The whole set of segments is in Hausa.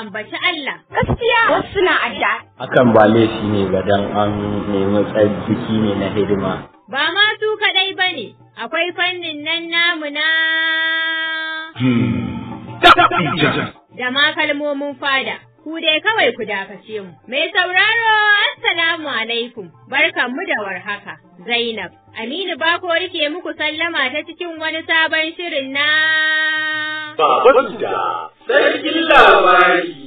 ambaci Allah. Gaskiya wasu suna adda. Hakan ba laifi ne ga dan an nemi tsarki ne na hidima. Ba ma su kaɗai ba ne, akwai fannin nan namu na. Da ma kalmomin fada. ku dai kawai ku dakace mu. Mai sauraro, Assalamu alaikum, barkanmu da warhaka. Zainab, Aminu ba ko rike muku sallama ta cikin wani sabon shirin na. Ba sarkin labari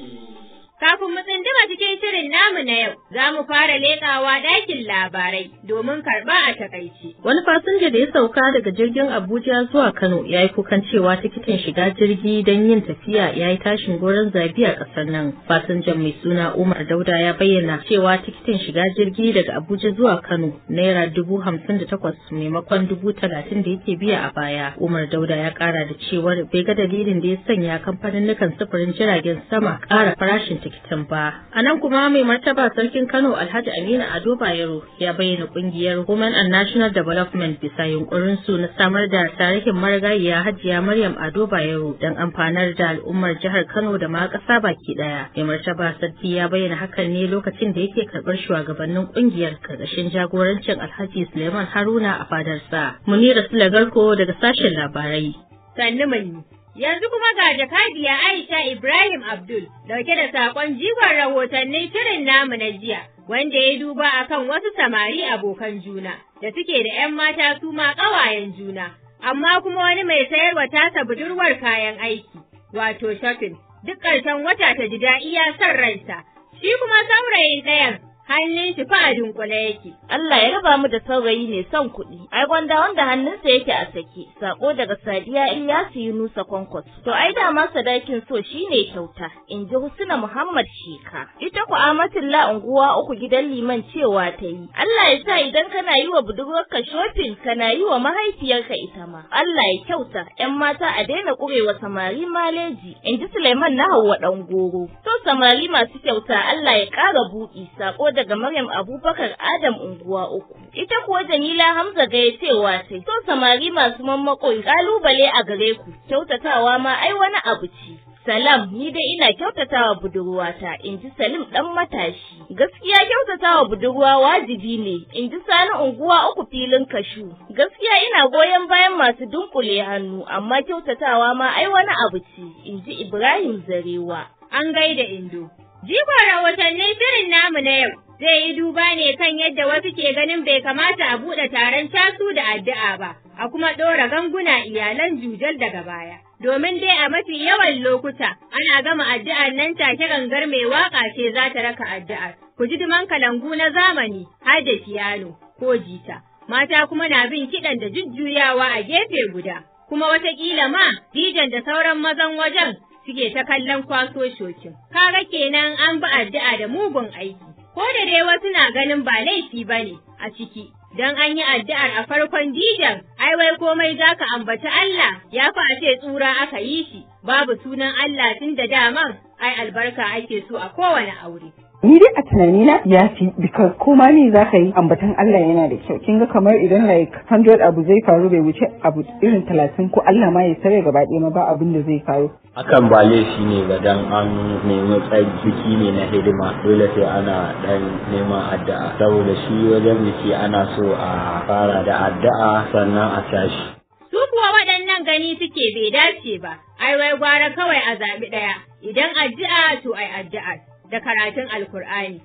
Kafin mu tsindima cikin shirin namu na yau, za mu fara leƙawa ɗakin labarai domin karɓa a takaici. Wani fasinja da ya sauka daga jirgin Abuja zuwa Kano ya yi kukan cewa tikitin shiga jirgi don yin tafiya ya yi tashin goron zabi a ƙasar nan. Fasinjan mai suna Umar Dauda ya bayyana cewa tikitin shiga jirgi daga Abuja zuwa Kano naira dubu hamsin da takwas maimakon dubu talatin da yake biya a baya. Umar Dauda ya ƙara da cewar bai ga dalilin da ya sanya kamfanin nukan sufurin jiragen sama ƙara farashin rikicin ba. A nan kuma mai martaba sarkin Kano Alhaji Aminu Ado Bayero ya bayyana kungiyar Women and National Development bisa yunkurin su na samar da tarihin marigayiya Hajiya Maryam Ado Bayero don amfanar da al'ummar jihar Kano da ma ƙasa baki ɗaya. Mai martaba sarki ya bayyana hakan ne lokacin da yake karɓar shugabannin kungiyar karkashin jagorancin Alhaji Suleiman Haruna a fadarsa. Munira Sulagarko daga sashen labarai. Sani mai Yanzu kuma ga jakadiya Aisha Ibrahim Abdul dauke da sakon jigon rahotannin shirin namu na jiya wanda ya duba akan wasu samari abokan juna da suke da 'yan mata su ma ƙawayen juna amma kuma wani mai sayarwa tasa budurwar kayan aiki wato shopping duk ƙarshen wata ta ji daɗi ya son ransa, shi kuma saurayin ɗayan hannun shi fa a dunkule yake. Allah ya raba mu da saurayi ne son kuɗi. Ai gwanda wanda hannun sa yake a sake. Sako daga Sadiya Ilyasu nusa Kwankwas. To ai da ma sadakin so shine kyauta. In ji Husna Muhammad Sheka. Ita ku La unguwa uku gidan liman cewa ta yi. Allah ya sa idan kana yi wa budurwarka shopping kana yi wa mahaifiyarka ita ma. Allah ya kyauta. 'Yan mata a daina ƙurewa samari maleji. In ji Suleiman na Hauwa Ɗan Goro. To samari masu kyauta Allah ya ƙara buɗi. Sako da daga Maryam Abubakar Adam unguwa uku. Ita kuwa Jamila Hamza ga cewa sai to samari masu mammako kalubale a gare ku kyautatawa ma ai wani abu ce. Salam ni dai ina kyautatawa budurwata in ji Salim dan matashi. Gaskiya kyautatawa budurwa wajibi ne Inji Sani unguwa uku filin kashu. Gaskiya ina goyon bayan masu dunkule hannu amma kyautatawa ma ai wani abu ce Inji Ibrahim Zarewa. An gaida Indo. Jigon rahotannin shirin namu na yau zai yi duba ne kan yadda wasu ke ganin bai kamata a buɗe taron casu da addu'a ba, a kuma ɗora ganguna iyalan jujal daga baya. Domin dai a mafi yawan lokuta ana gama addu'ar nan take gangar mai waƙa ce za ta raka addu'ar. Ku ji duman kalangu na zamani har da fiyano ko jita. Mata kuma na bin kiɗan da jujjuyawa a gefe guda. Kuma watakila ma, dijan da sauran mazan wajen suke ta kallon kwaso shokin. Kaga kenan an bi addu'a da mugun aiki. Ko da dai wasu na ganin ba laifi ba ne a ciki. Don an yi addu'ar a farkon dijan, ai wai komai za ka ambaci Allah, ya fi a ce tsura aka yi shi, babu sunan Allah tun da daman, ai albarka ake so a kowane aure. ni dai a tunani na ya fi because ko ma za ka yi ambatan Allah yana da kyau kin ga kamar idan like hundred abu zai faru bai wuce abu irin talatin ko Allah ma ya sare gaba ɗaya ma ba abin da zai faru akan bale shi ne ga dan an nemi biki ne na hidima dole sai ana dan neman addu'a saboda shi wajen biki ana so a fara da addu'a sannan a tashi su kuwa waɗannan gani suke bai dace ba ai wai gwara kawai a zaɓi ɗaya idan addu'a to ai addu'a da karatun alkur'ani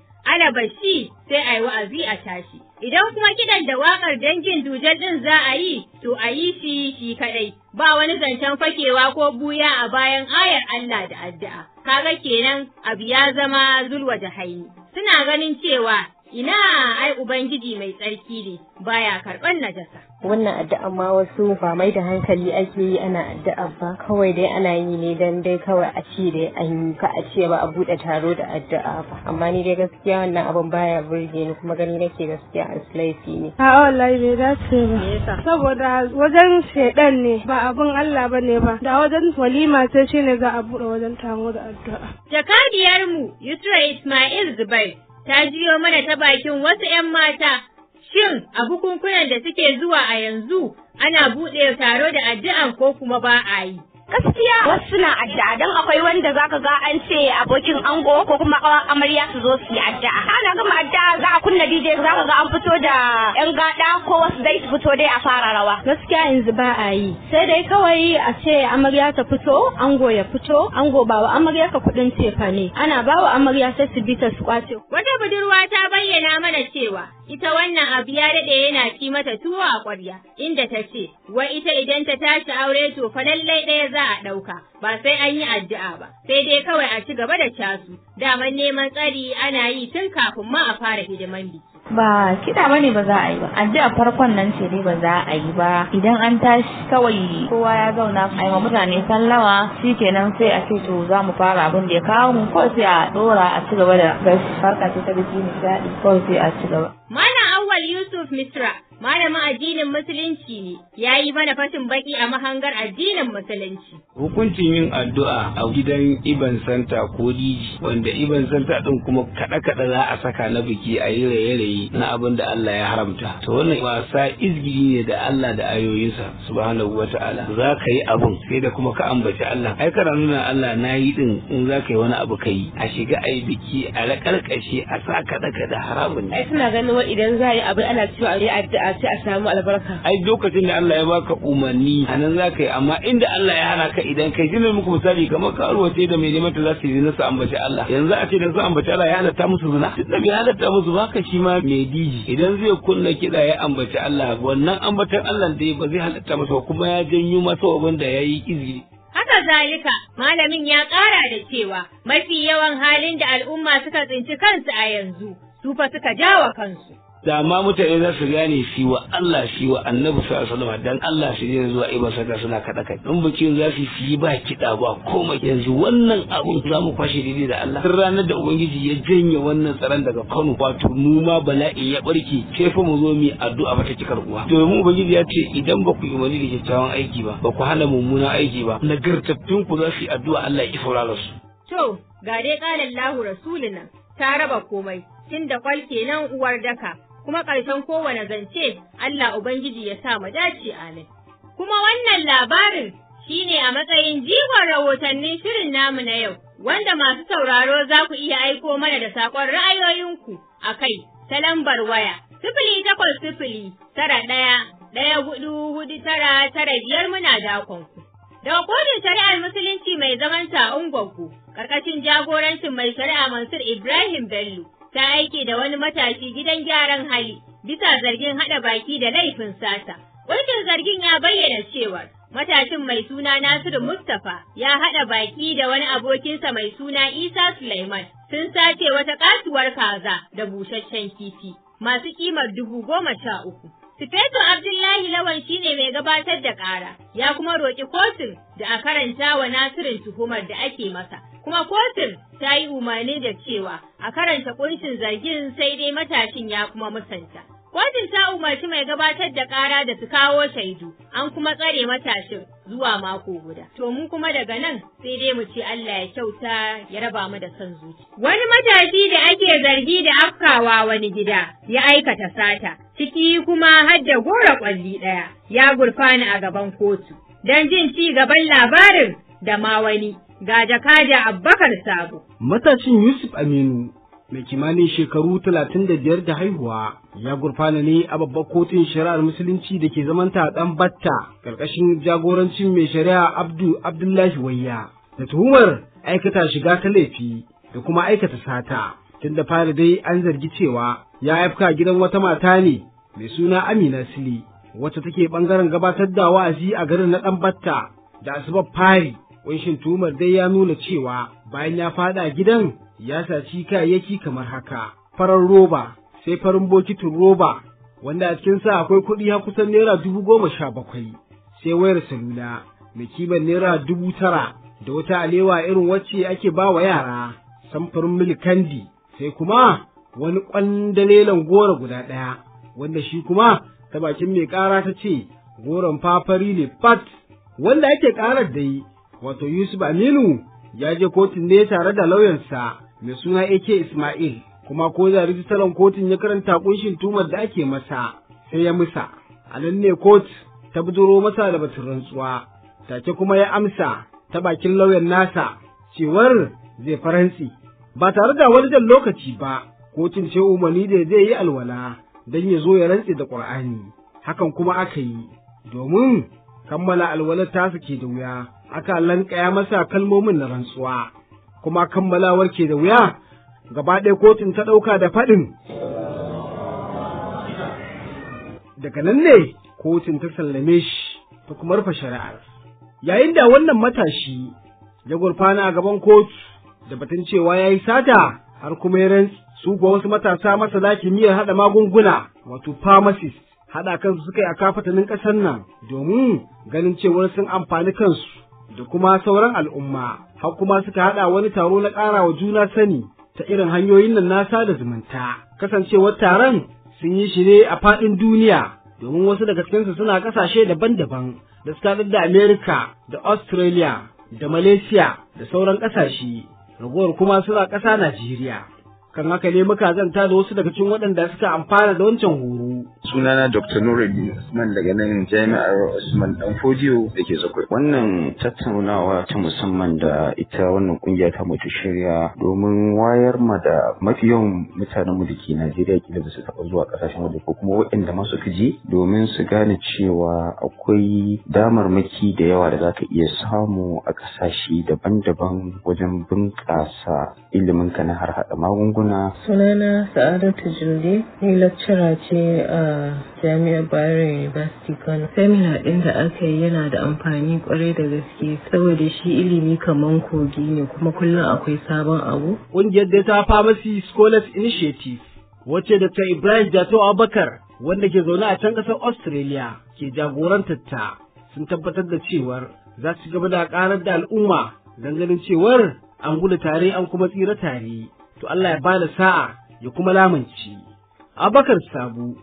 bashi sai a wa'azi a tashi idan kuma kidan da waƙar dangin dujal ɗin za a yi to a yi shi shi kaɗai ba wani zancen fakewa ko buya a bayan ayar Allah da addu'a kaga kenan abu ya zama zulwa da haini suna ganin cewa ina ai ubangiji mai tsarki ne baya karɓar najasa wannan addu'a ma wasu ba mai da hankali ake yi ana addu'a ba kawai dai ana yi ne dan dai kawai a ce dai an yi ka a ce ba a bude taro da addu'a ba amma ni dai gaskiya wannan abin baya burge ni kuma gani nake gaskiya a laifi ne a wallahi bai dace ba saboda wajen shedan ne ba abun Allah bane ba da wajen walima sai shine za a bude wajen taro da addu'a jakadiyar mu Yusra Ismail Zubair ta jiyo mana ta bakin wasu 'yan mata Shin a bukunkunan da suke zuwa a yanzu ana buɗe taro da addu'a ko kuma ba a yi? gaskiya wasu suna addu'a don akwai wanda zaka ga an ce abokin ango ko kuma kawan amarya su zo su yi addu'a ana gama addu'a za a kunna DJ ka ga an fito da yan gada ko wasu dai su fito dai a fara rawa gaskiya yanzu ba a yi sai dai kawai a ce amarya ta fito ango ya fito ango ba wa amarya ka kuɗin cefa ne ana ba wa amarya sai su bi ta su kwace wata budurwa ta bayyana mana cewa ita wannan abu ya daɗe yana ci mata tuwo a ƙwarya inda ta ce wai ita idan ta tashi aure to fa lallai ɗaya za a ɗauka, ba sai an yi addu'a ba, sai dai kawai a ci gaba da casu, damar neman tsari ana yi tun kafin ma a fara hidiman biki. Ba kiɗa ba ne ba za a yi ba, addu'a farkon nan ce ne ba za a yi ba, idan an tashi kawai kowa ya zauna a yi mutane sallama shi kenan sai a ce to za mu fara abin da ya kawo mu ko sai a ɗora a ci gaba da farka ta biki nishaɗi ko sai a ci gaba. Yusuf malamin addinin musulunci ne, ya yi mana fashin baki a mahangar addinin musulunci. Hukuncin yin addu'a a gidan Iban Santa ko Diji, wanda Iban Santa ɗin kuma kaɗe-kaɗe za a saka na biki a yi raye-raye na abin da Allah ya haramta. To wannan wasa izgiri ne da Allah da ayoyinsa, subhanahu wa ta'ala. Za ka yi abin sai da kuma ka ambaci Allah. Ai kana nuna Allah na yi ɗin in za ka yi wani abu ka yi. A shiga a yi biki, a raƙarƙashe, a sa kaɗe-kaɗe haramun. Ai suna ganin idan za a yi abu ana to a yi addu'a sai a samu albarka ai lokacin da Allah ya baka umarni anan ka yi amma inda Allah ya hana ka idan kai jinin muku misali kamar karuwa ce da mai neman ta za su yi nasu ambaci Allah yanzu a ce da su ambaci Allah ya halatta musu zina duk da bai halatta musu ba ka shi ma mai diji idan zai kunna kiɗa ya ambaci Allah wannan ambatan Allah da ba zai halatta masa kuma ya janyo masa abin da ya yi izini Haka zalika, malamin ya ƙara da cewa mafi yawan halin da al'umma suka tsinci kansu a yanzu, su fa suka jawa kansu. da ma mutane za su gane shi wa Allah shi wa annabi sallallahu alaihi dan Allah shi ne zuwa ibar saka suna kada kai in bikin za su yi ba kida ba komai yanzu wannan abun za mu kwashe dide da Allah tun ranar da ubangiji ya janye wannan tsaron daga Kano wato mu ma bala'i ya barke kefa fa mu zo mu addu'a ba ta cikar uwa domin ubangiji ya ce idan ba ku yi wani da kyakkyawan aiki ba ba ku hana mummunan aiki ba nagartattun ku za su yi addu'a Allah ya saurara su to ga dai qala Allahu rasulina ta raba komai tunda kwalke nan uwar daka kuma ƙarshen kowane zance Allah Ubangiji ya sa mu dace amin. Kuma wannan labarin shine a matsayin jigon rahotannin shirin namu na yau, wanda masu sauraro za ku iya aiko mana da saƙon ra'ayoyinku a kai ta lambar waya. Sifili takwas sifili tara ɗaya ɗaya hudu hudu tara tara biyar muna dakonku. Daga kodin shari'ar Musulunci mai zaman ta ungwanku, ƙarƙashin jagorancin mai shari'a Mansur Ibrahim Bello. ta aike da wani matashi gidan gyaran hali bisa zargin haɗa baki da laifin sata. wankin zargin ya bayyana cewa matashin mai suna Nasiru Mustapha ya haɗa baki da wani abokinsa mai suna Isa Sulaiman sun sace wata kasuwar kaza da busasshen kifi masu kimar dubu goma sha uku. Sufeto Abdullahi Lawan shine mai gabatar da ƙara, ya kuma roƙi kotun da a karanta wa Nasirin tuhumar da ake masa, kuma kotun ta yi umarni da cewa a karanta kunshin zargin sai dai matashin ya kuma musanta. Kotun ta umarci mai gabatar da ƙara da su kawo shaidu, an kuma tsare matashin zuwa mako guda. To mu kuma daga nan sai dai mu ce Allah ya kyauta ya raba mu da son zuci. Wani matashi da ake zargi da afkawa wani gida ya aikata sata, ciki kuma har da gora kwalli ɗaya ya gurfana a gaban kotu. Don jin ci gaban labarin da ma wani ga jakada abbakar sabo. Matashin Yusuf Aminu mai kimanin shekaru talatin da biyar da haihuwa ya gurfana ne a babbar kotun shari'ar musulunci da ke zamanta dan batta karkashin jagorancin mai shari'a abdu abdullahi wayya da tuhumar aikata shiga ta laifi da kuma aikata sata tun da fara dai an zargi cewa ya afka gidan wata mata ne mai suna amina sili wacce take ɓangaren gabatar da wa'azi a garin na ɗan batta da asubar fari Ƙunshin tumar dai ya nuna cewa bayan ya faɗa gidan ya saci kayayyaki kamar haka. Farar roba, sai farin bokitin roba, wanda a cikin sa akwai kuɗi har kusan naira dubu goma sha bakwai. Sai wayar salula, mai kiban naira dubu tara, da wata alewa irin wacce ake ba wa yara, samfurin milikandi, sai kuma wani ƙwandalelan goro guda ɗaya, wanda shi kuma ta bakin mai ƙara ta ce, goron fafari ne fat, wanda ake ƙarar da wato Yusuf Aminu ya je kotun ne tare da lauyansa mai suna AK Ismail kuma ko da rijistaran kotun ya karanta kunshin tumar da ake masa sai ya musa a nan ne kot ta buduro masa da batun rantsuwa take kuma ya amsa ta bakin lauyan nasa cewar zai faransi ba tare da wani jan lokaci ba kotun ce umarni da zai yi alwala don ya zo ya rantse da ƙur'ani hakan kuma aka yi domin kammala alwalar tasa ke da wuya aka lankaya masa kalmomin na rantsuwa kuma kammalawar ke da wuya gaba ɗaya kotun ta ɗauka da faɗin daga nan ne kotun ta sallame shi ta kuma rufe shari'ar yayin da wannan matashi ya gurfana a gaban kotu da batun cewa ya yi sata har kuma ya rantsi su kuwa wasu matasa masa masana miyar haɗa magunguna wato famasis haɗa kansu suka yi a kafatanin ƙasar nan domin ganin cewar sun amfani kansu da kuma sauran al'umma har kuma suka haɗa wani taro na ƙara wa juna sani ta irin hanyoyin nan na sada zumunta kasancewar taron sun yi shi ne a faɗin duniya domin wasu daga cikinsu suna ƙasashe daban-daban da suka da america da Australia da Malaysia da sauran ƙasashe ragowar kuma suna ƙasa Najeriya. kan haka ne muka zanta da wasu daga cikin waɗanda suka amfana da wancan horo. Sunana Dr. Nuruddin Usman daga nan Jami'ar Usman Dan Fodiyo da ke Zakwai. Wannan tattaunawa ta musamman da ita wannan kungiya ta mutu shirya domin wayar ma da mafi yawan mutanen mu da ke Najeriya kila ba su taɓa zuwa ƙasashen waje ko kuma waɗanda masu kaji domin su gane cewa akwai damarmaki da yawa da za ka iya samu a ƙasashe daban-daban wajen bunƙasa ilimin ka na harhaɗa magunguna sunana Sunana Sa'adatu Jundi, ni lecturer ce a Jami'ar Bayero University Kano. Seminar ɗin da aka yi yana da amfani kwarai da gaske saboda shi ilimi kamar kogi ne kuma kullum akwai sabon abu. Ƙungiyar Data Pharmacy Scholars Initiative wacce ta Ibrahim Jato Abubakar wanda ke zaune a can ƙasar Australia ke jagorantar ta sun tabbatar da cewar za su gaba da ƙarar da al'umma ganin cewar an gudu tare an kuma tsira tare. to Allah ya bani sa'a ya kuma lamunci. Abakar Sabu,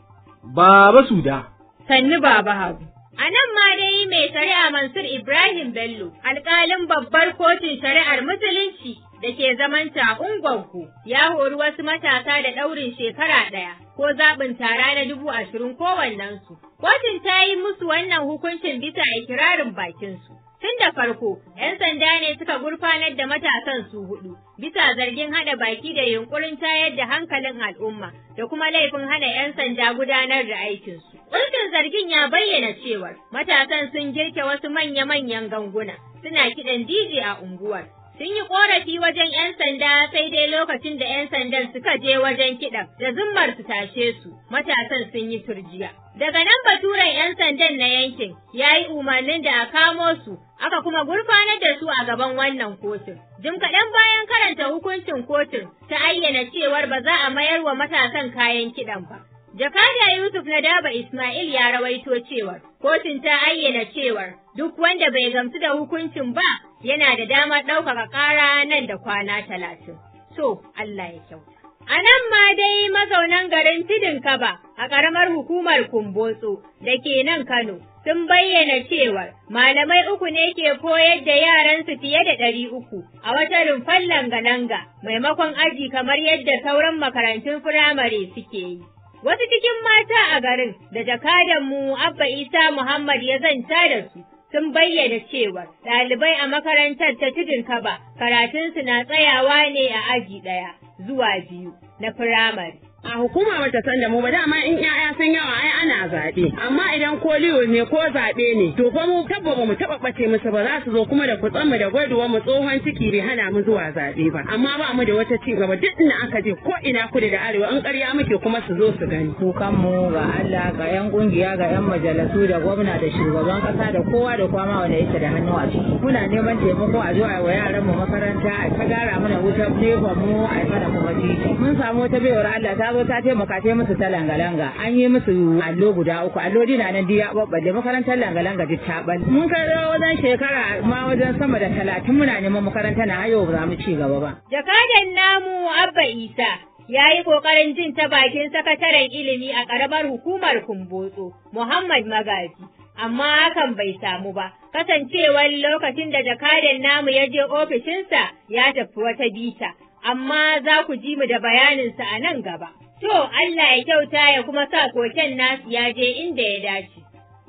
Baba Suda. Sannu Baba Habu. A nan ma dai mai shari'a Mansur Ibrahim Bello, alƙalin babbar kotun shari'ar Musulunci da ke zaman ungwanku ya hori wasu matasa da ɗaurin shekara ɗaya ko zaɓin tara na dubu ashirin kowannensu. Kotun ta yi musu wannan hukuncin bisa ikirarin bakinsu. Tun da farko, 'yan sanda ne suka gurfanar da matasan su hudu, bisa zargin haɗa baki da yunkurin tayar da hankalin al'umma da kuma laifin hana 'yan sanda gudanar da aikinsu. Kulkin zargin ya bayyana cewar matasan sun girke wasu manya-manyan ganguna, suna kiɗan DJ a unguwar, Sun yi ƙorafi wajen 'yan sanda sai dai lokacin da 'yan sandan suka je wajen kiɗan da zummar su tashe su, matasan sun yi turjiya. Daga nan baturen 'yan sandan na yankin ya yi umarnin da a kamo su, aka kuma gurfanar da su a gaban wannan kotun. Jim kaɗan bayan karanta hukuncin kotun ta ayyana cewar ba za a mayar wa matasan kayan kiɗan ba. Jakada Yusuf na daba Ismail ya rawaito cewar, kotun ta ayyana cewar duk wanda bai gamsu da hukuncin ba yana da damar ɗaukaka ƙara nan da kwana talatin. To, Allah ya kyauta. A nan ma dai mazaunan garin Tidin Kaba a ƙaramar hukumar Kumbotso da ke nan Kano sun bayyana cewar malamai uku ne ke koyar da yaransu fiye da ɗari uku a wata rumfar langa-langa maimakon aji kamar yadda sauran makarantun firamare suke yi. Wasu cikin mata a garin da jakadanmu Abba Isa Muhammad ya zanta da su sun bayyana cewa ɗalibai a makarantar ta tudun kaba karatunsu na tsayawa ne a aji ɗaya zuwa biyu na firamare. a hukuma bata san da mu ba dama in yaya san yawa ai ana zaɓe amma idan ko liyo ne ko zaɓe ne to fa mu tabba ba mu taɓa ɓace musu ba za su zo kuma da kutsan mu da gwaduwa mu tsohon ciki bai hana mu zuwa zaɓe ba amma ba mu da wata ci gaba duk inda aka je ko ina kudu da arewa in ƙarya muke kuma su zo su gani. kukan mu ga Allah ga yan kungiya ga yan majalisu da gwamna da shugaban kasa da kowa da kwama wanda yake da hannu a ciki muna neman taimako a zo a wa yaran mu makaranta a ta gara mana wutar nefa mu a kuma titi mun samu wata baiwar Allah ta zo ta taimaka ta musu ta langalanga an yi musu allo guda uku allo dina nan diya babbaje makarantar langa-langa duk ta bal mun kai wajen shekara ma wajen sama da talatin muna neman makaranta na hayo ba mu ci gaba ba. Jakadan namu Abba Isa ya yi kokarin jin ta bakin sakataren ilimi a karamar hukumar Kumbotso Muhammad Magaji. Amma hakan bai samu ba, kasancewar lokacin da jakadan namu ya je ofishinsa ya tafi wata bita, amma za ku ji mu da bayaninsa a nan gaba. To Allah ya kyauta ya kuma sa koken nasu ya je inda ya dace.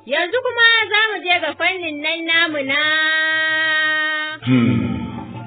Yanzu kuma za mu je ga fannin nan namu na. Hmm.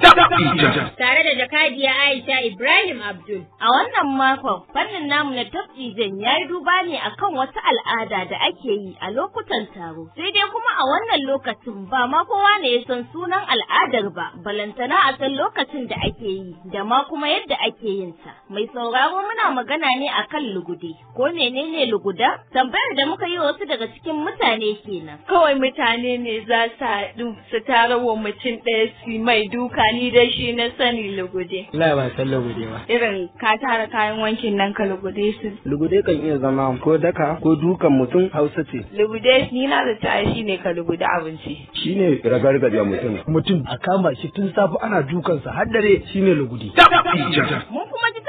Tare da jakadiya Aisha Ibrahim Abdul. A wannan makon fannin namu na Top ya yi duba ne a kan wata al'ada da ake yi a lokutan taro. Sai dai kuma a wannan lokacin ba ma kowa ne ya san sunan al'adar ba, balantana a san lokacin da ake yi da ma kuma yadda ake yin sa. Mai sauraro muna magana ne akan lugude. Ko menene luguda? Tambayar da muka yi wasu daga cikin mutane kenan. Kawai mutane ne za su haɗu su tarawa mutum ɗaya su mai duka amfani da shi na sani lugude. Allah ba san lugude ba. Irin ka tara kayan wankin nan ka lugude su. Lugude kan iya zama ko daka ko dukan mutum Hausa ce. Lugude ni na da ta shi ne ka lugude abinci. Shi ne ragargajiya mutum. Mutum a kama shi tun safe ana dukansa har dare shi ne lugude. Mun kuma ji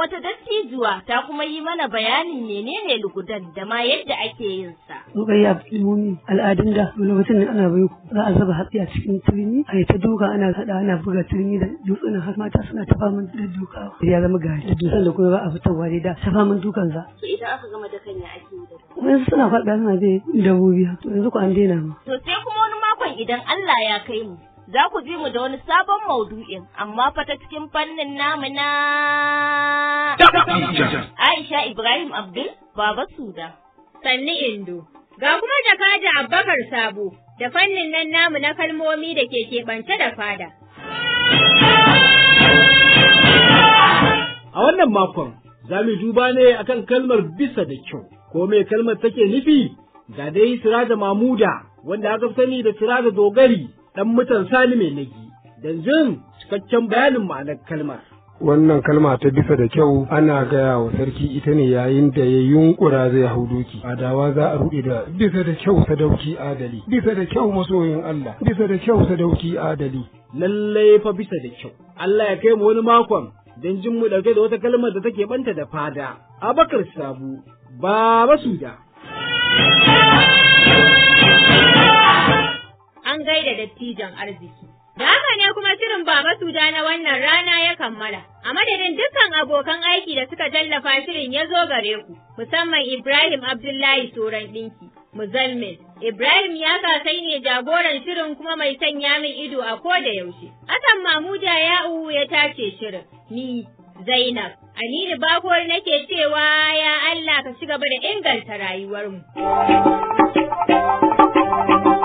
wata dattijuwa ta kuma yi mana bayanin menene lugudan da ma yadda ake yin sa. Rukayya Abdulmuni al'adun da lokacin ne ana bai ku za a zaba hatsi a cikin turmi a yi ta duka ana haɗa ana buga turmi da dutsunan har mata suna ta faman da dukawa. Ya zama gari da dutsen da kuma ba a fitarwa dai da ta faman dukan za. ita aka gama da kanya ake yi da. Wani suna faɗa suna bai dabobi to yanzu ko an daina ma. To sai kuma wani makon idan Allah ya kai mu. za ku ji mu da wani sabon maudu'in amma fa ta cikin fannin namu na Aisha Ibrahim Abdul Baba Suda. Sanni Indo. Ga kuma jakada Abubakar Sabo da fannin nan namu na kalmomi da ke keɓance da fada. A wannan makon za mu duba ne akan kalmar bisa da kyau, ko me kalmar take nufi? Ga dai da Mamuda wanda aka sani da sira da Dogari ɗan mutan salime nagi don jin cikakken bayanin ma'anar kalmar. wannan kalma ta bisa da kyau ana gaya wa sarki ita ne yayin da ya yunkura zai hau doki adawa za a ruɗe da bisa da kyau sadauki adali bisa da kyau masoyin Allah bisa da kyau sadauki adali lallai fa bisa da kyau Allah ya kai mu wani makon don jin mu ɗauke da wata kalmar da take banta da fada Abakar Sabu Baba Suda dattijan arziki. Da haka ne kuma shirin Baba Suda na wannan rana ya kammala. A madadin dukkan abokan aiki da suka tallafa shirin ya zo gare ku, musamman Ibrahim Abdullahi Turan ɗinki, Muzalmin. Ibrahim ya kasai ne jagoran shirin kuma mai sanya min ido a ko da yaushe. Hassan Mamuda Ya'u ya tace shirin. Ni Zainab. Aminu Bakor nake cewa ya Allah ka ci gaba da inganta rayuwarmu.